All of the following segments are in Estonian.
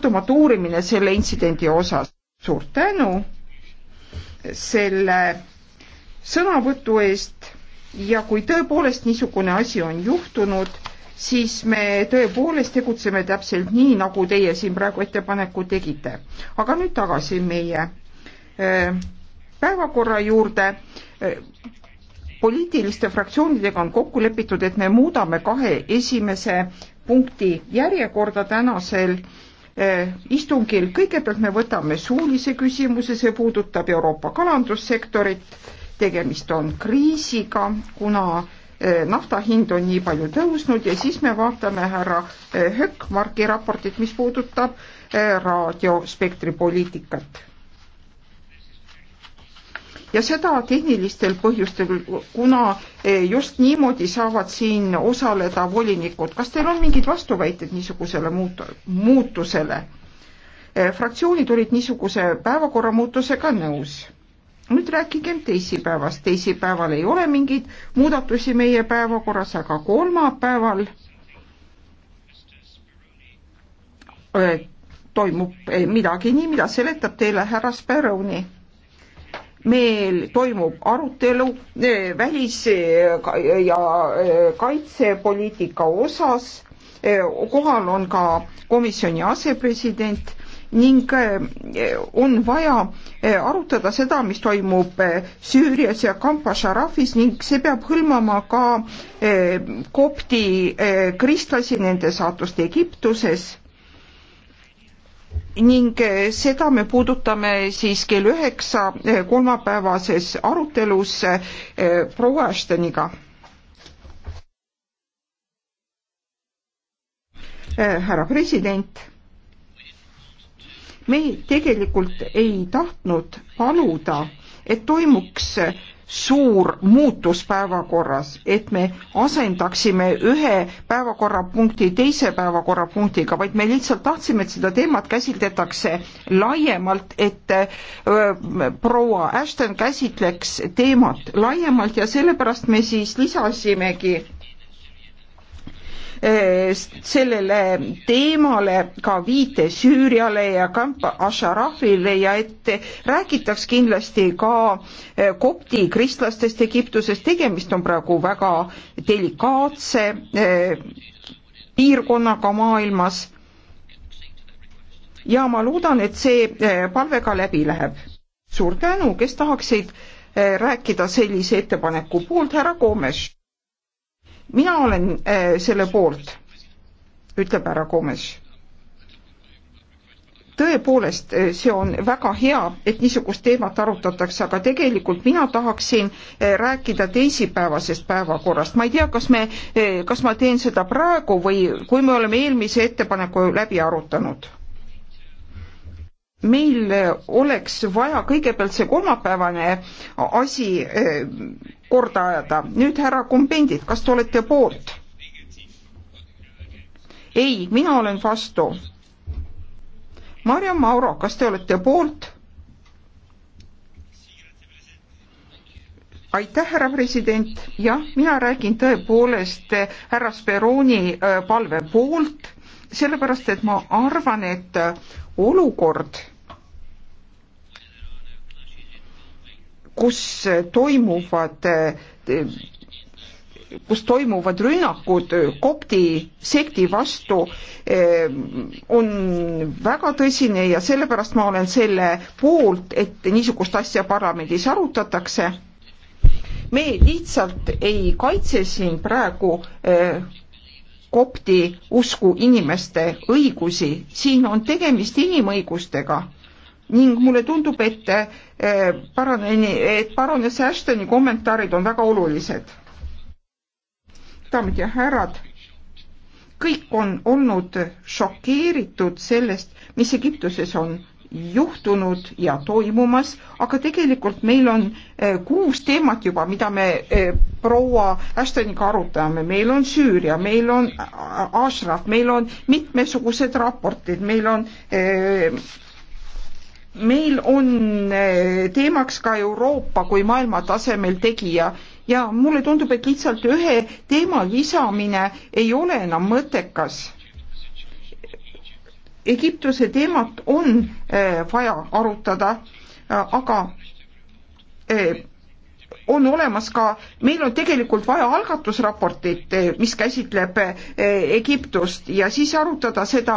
sõltumatu uurimine selle intsidendi osas. suur tänu selle sõnavõtu eest ja kui tõepoolest niisugune asi on juhtunud, siis me tõepoolest tegutseme täpselt nii, nagu teie siin praegu ettepaneku tegite. aga nüüd tagasi meie äh, päevakorra juurde. Äh, poliitiliste fraktsioonidega on kokku lepitud, et me muudame kahe esimese punkti järjekorda tänasel Eh, istungil. kõigepealt me võtame suulise küsimuse, see puudutab Euroopa kalandussektorit. tegemist on kriisiga, kuna eh, nafta hind on nii palju tõusnud ja siis me vaatame härra eh, Höökmarki raportit, mis puudutab raadiospektri poliitikat ja seda tehnilistel põhjustel, kuna eh, just niimoodi saavad siin osaleda volinikud. kas teil on mingeid vastuväited niisugusele muut-, muutusele? Eh, fraktsioonid olid niisuguse päevakorra muutusega nõus. nüüd rääkigem teisipäevast. teisipäeval ei ole mingeid muudatusi meie päevakorras, aga kolmapäeval eh, toimub midagi nii, mida seletab teile härra Speroni meil toimub arutelu eh, välis- eh, ja eh, kaitsepoliitika osas, kohal on ka komisjoni asepresident ning on vaja arutada seda, mis toimub Süürias ja Kampa Sharafis ning see peab hõlmama ka kopti kristlasi, nende saatust Egiptuses ning eh, seda me puudutame siis kell üheksa eh, kolmapäevases arutelus eh, proua Ashtoniga. härra president, me tegelikult ei tahtnud paluda, et toimuks suur muutus päevakorras, et me asendaksime ühe päevakorrapunkti teise päevakorrapunktiga, vaid me lihtsalt tahtsime, et seda teemat käsitletakse laiemalt, et proua Ashton käsitleks teemat laiemalt ja sellepärast me siis lisasimegi sellele teemale ka viite Süüriale ja Kampa Asharafile ja et räägitaks kindlasti ka e, kopti kristlastest Egiptuses, tegemist on praegu väga delikaatse e, piirkonnaga maailmas. ja ma loodan, et see e, palve ka läbi läheb. suur tänu, kes tahaksid rääkida sellise ettepaneku poolt, härra Koomes mina olen äh, selle poolt, ütleb härra Gomes. tõepoolest, äh, see on väga hea, et niisugust teemat arutatakse, aga tegelikult mina tahaksin äh, rääkida teisipäevasest päevakorrast. ma ei tea, kas me äh,, kas ma teen seda praegu või kui me oleme eelmise ettepaneku läbi arutanud meil oleks vaja kõigepealt see kolmapäevane asi e, korda ajada. nüüd härra Kumbendit, kas te olete poolt? ei, mina olen vastu. Marja Mauro, kas te olete poolt? aitäh, härra president, jah, mina räägin tõepoolest härra Speroni e, palve poolt, sellepärast et ma arvan, et olukord, kus toimuvad, kus toimuvad rünnakud kopti sekti vastu, on väga tõsine ja sellepärast ma olen selle poolt, et niisugust asja parlamendis arutatakse. me lihtsalt ei kaitse siin praegu kopti usku inimeste õigusi, siin on tegemist inimõigustega ning mulle tundub, et eh, paroneni, et paroness Ashtoni kommentaarid on väga olulised. daamid ja härrad, kõik on olnud šokeeritud sellest, mis Egiptuses on juhtunud ja toimumas, aga tegelikult meil on eh, kuus teemat juba, mida me eh, proua Ashtoniga arutame, meil on Süüria, meil on äh, äh, Ashraf, meil on mitmesugused raportid, meil on eh, meil on teemaks ka Euroopa kui maailma tasemel tegija ja mulle tundub, et lihtsalt ühe teema lisamine ei ole enam mõttekas Egiptuse teemat on eh, vaja arutada, eh, aga eh, on olemas ka, meil on tegelikult vaja algatusraportit, mis käsitleb Egiptust ja siis arutada seda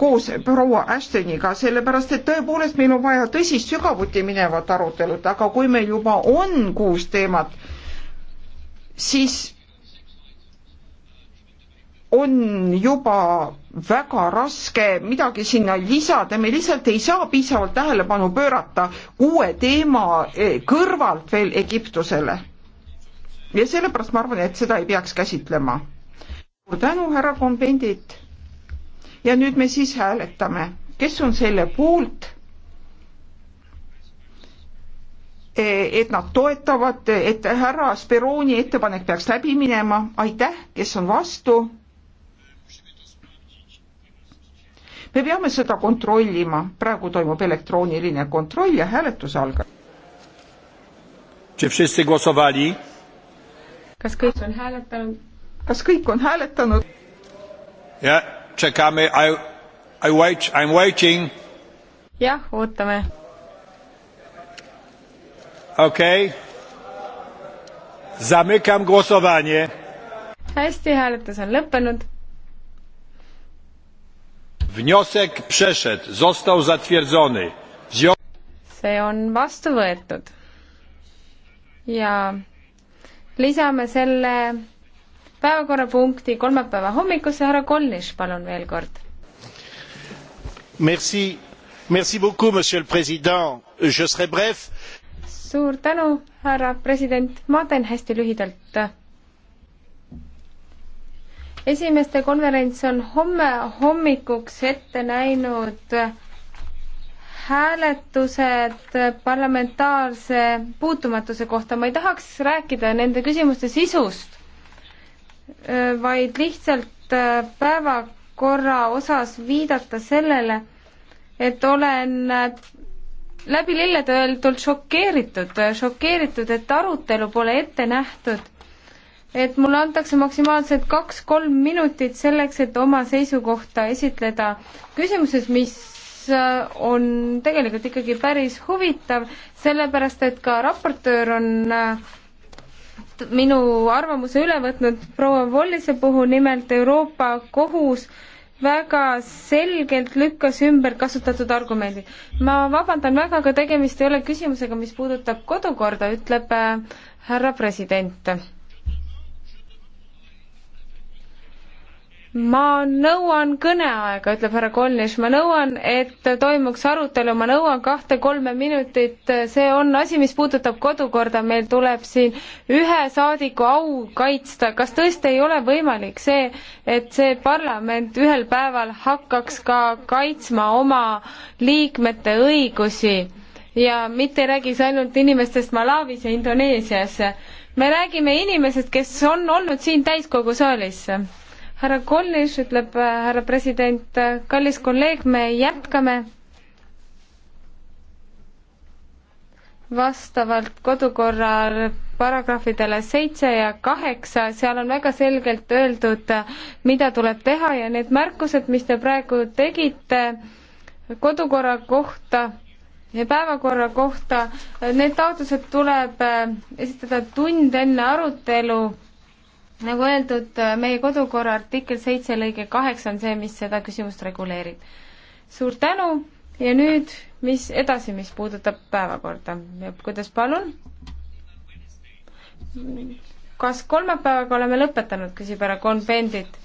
koos proua Ashtoniga, sellepärast et tõepoolest meil on vaja tõsist sügavuti minevat arutelut, aga kui meil juba on kuus teemat, siis on juba väga raske midagi sinna lisada, me lihtsalt ei saa piisavalt tähelepanu pöörata uue teema eh, kõrvalt veel Egiptusele. ja sellepärast ma arvan, et seda ei peaks käsitlema. suur tänu, härra konvendit. ja nüüd me siis hääletame, kes on selle poolt, eh, et nad toetavad, et härra Speroni ettepanek peaks läbi minema, aitäh, kes on vastu me peame seda kontrollima, praegu toimub elektrooniline kontroll ja hääletus algab. kas kõik on hääletanud? kas kõik on hääletanud? jah, tšekame, I, I wait, I am waiting. jah, ootame. okei okay.. Zamykam głosowanie. hästi, hääletus on lõppenud Wniosek przeszedł, został zatwierdzony. see on vastu võetud. ja lisame selle päevakorrapunkti kolmapäeva hommikusse, härra Kolnis, palun veel kord. Merci, merci beaucoup, monsieur le president, je serai bref. suur tänu, härra president, ma teen hästi lühidalt esimeste konverents on homme hommikuks ette näinud hääletused parlamentaarse puutumatuse kohta. ma ei tahaks rääkida nende küsimuste sisust, vaid lihtsalt äh, päevakorra osas viidata sellele, et olen äh, läbi lillede öeldult šokeeritud, äh, šokeeritud, et arutelu pole ette nähtud et mulle antakse maksimaalselt kaks-kolm minutit selleks, et oma seisukohta esitleda küsimuses, mis äh, on tegelikult ikkagi päris huvitav, sellepärast et ka raportöör on äh, minu arvamuse üle võtnud proua Vollise puhul, nimelt Euroopa Kohus väga selgelt lükkas ümber kasutatud argumendid. ma vabandan väga, aga tegemist ei ole küsimusega, mis puudutab kodukorda, ütleb äh, härra president ma nõuan kõneaega, ütleb härra Kolnis, ma nõuan, et toimuks arutelu, ma nõuan kahte-kolme minutit, see on asi, mis puudutab kodukorda, meil tuleb siin ühe saadiku au kaitsta, kas tõesti ei ole võimalik see, et see parlament ühel päeval hakkaks ka kaitsma oma liikmete õigusi ja mitte ei räägiks ainult inimestest Malawis ja Indoneesias. me räägime inimesest, kes on olnud siin täiskogu saalis härra Kollis, ütleb äh, härra president, äh, kallis kolleeg, me jätkame vastavalt kodukorra paragrahvidele seitse ja kaheksa, seal on väga selgelt öeldud, äh, mida tuleb teha ja need märkused, mis te praegu tegite kodukorra kohta ja päevakorra kohta, need taotlused tuleb esitada tund enne arutelu nagu öeldud, äh, meie kodukorra artikkel seitse lõige kaheksa on see, mis seda küsimust reguleerib. suur tänu ja nüüd, mis edasi, mis puudutab päevakorda, kuidas palun? kas kolmapäevaga oleme lõpetanud, küsib härra Kohn-Pendit.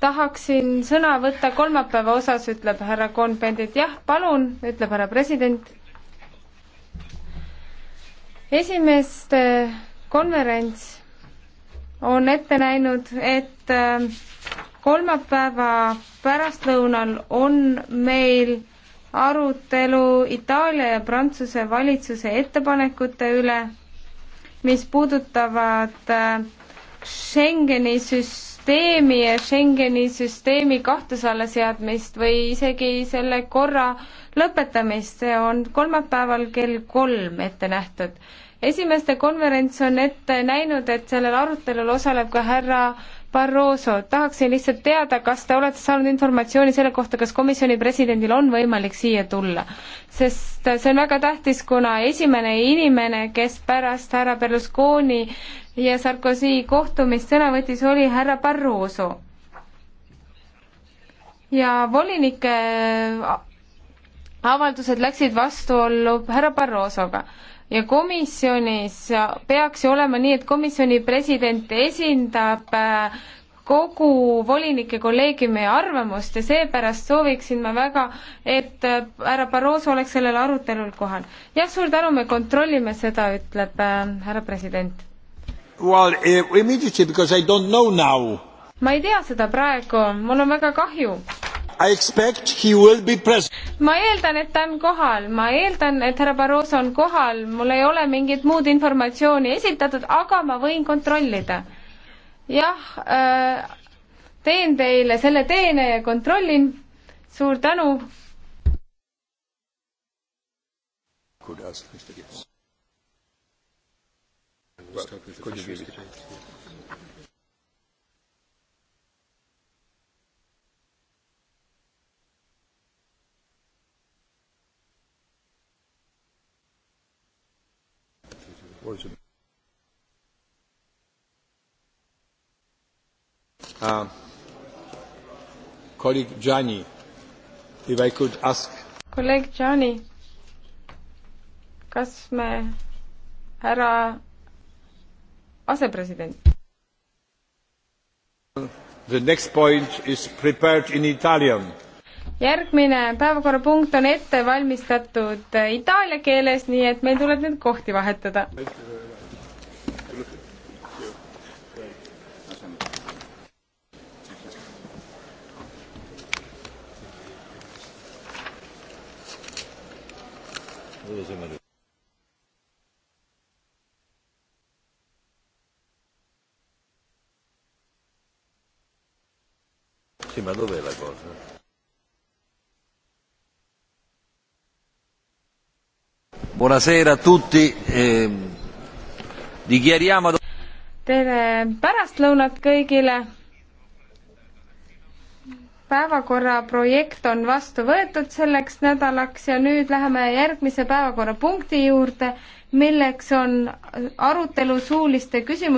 tahaksin sõna võtta kolmapäeva osas, ütleb härra Kohn-Pendit. jah, palun, ütleb härra president. esimeste konverents on ette näinud, et äh, kolmapäeva pärastlõunal on meil arutelu Itaalia ja Prantsuse valitsuse ettepanekute üle, mis puudutavad äh, Schengeni süsteemi ja Schengeni süsteemi kahtluse alla seadmist või isegi selle korra lõpetamist, see on kolmapäeval kell kolm ette nähtud esimeste konverents on ette näinud, et sellel arutelul osaleb ka härra Barroso, tahaksin lihtsalt teada, kas te olete saanud informatsiooni selle kohta, kas komisjoni presidendil on võimalik siia tulla? sest see on väga tähtis, kuna esimene inimene, kes pärast härra Berlusconi ja Sarkozy kohtumist sõna võttis, oli härra Barroso. ja volinike avaldused läksid vastuollu härra Barrosoga ja komisjonis peaks ju olema nii, et komisjoni president esindab äh, kogu volinike kolleegiumi arvamust ja seepärast sooviksin ma väga, et äh, härra Barroso oleks sellel arutelul kohal. jah, suur tänu, me kontrollime seda, ütleb äh, härra president. Well eh, immediately because I don't know now. ma ei tea seda praegu, mul on väga kahju ma eeldan, et ta on kohal, ma eeldan, et härra Barroso on kohal, mul ei ole mingit muud informatsiooni esitatud, aga ma võin kontrollida. jah äh,, teen teile selle teene ja kontrollin. suur tänu. kuidas? kolleeg uh, Gianni, if I could ask. kolleeg Gianni, kas me, härra asepresident? The next point is prepared in Italian järgmine päevakorrapunkt on ette valmistatud itaalia keeles, nii et meil tuleb nüüd kohti vahetada. ühesõnaga Sì, ma dov'è la cosa? Buonasera a tutti. Eh, dichiariamo... Tere pärastlõunat kõigile päevakorra projekt on vastu võetud selleks nädalaks ja nüüd läheme järgmise päevakorrapunkti juurde, milleks on arutelu suuliste küsimuste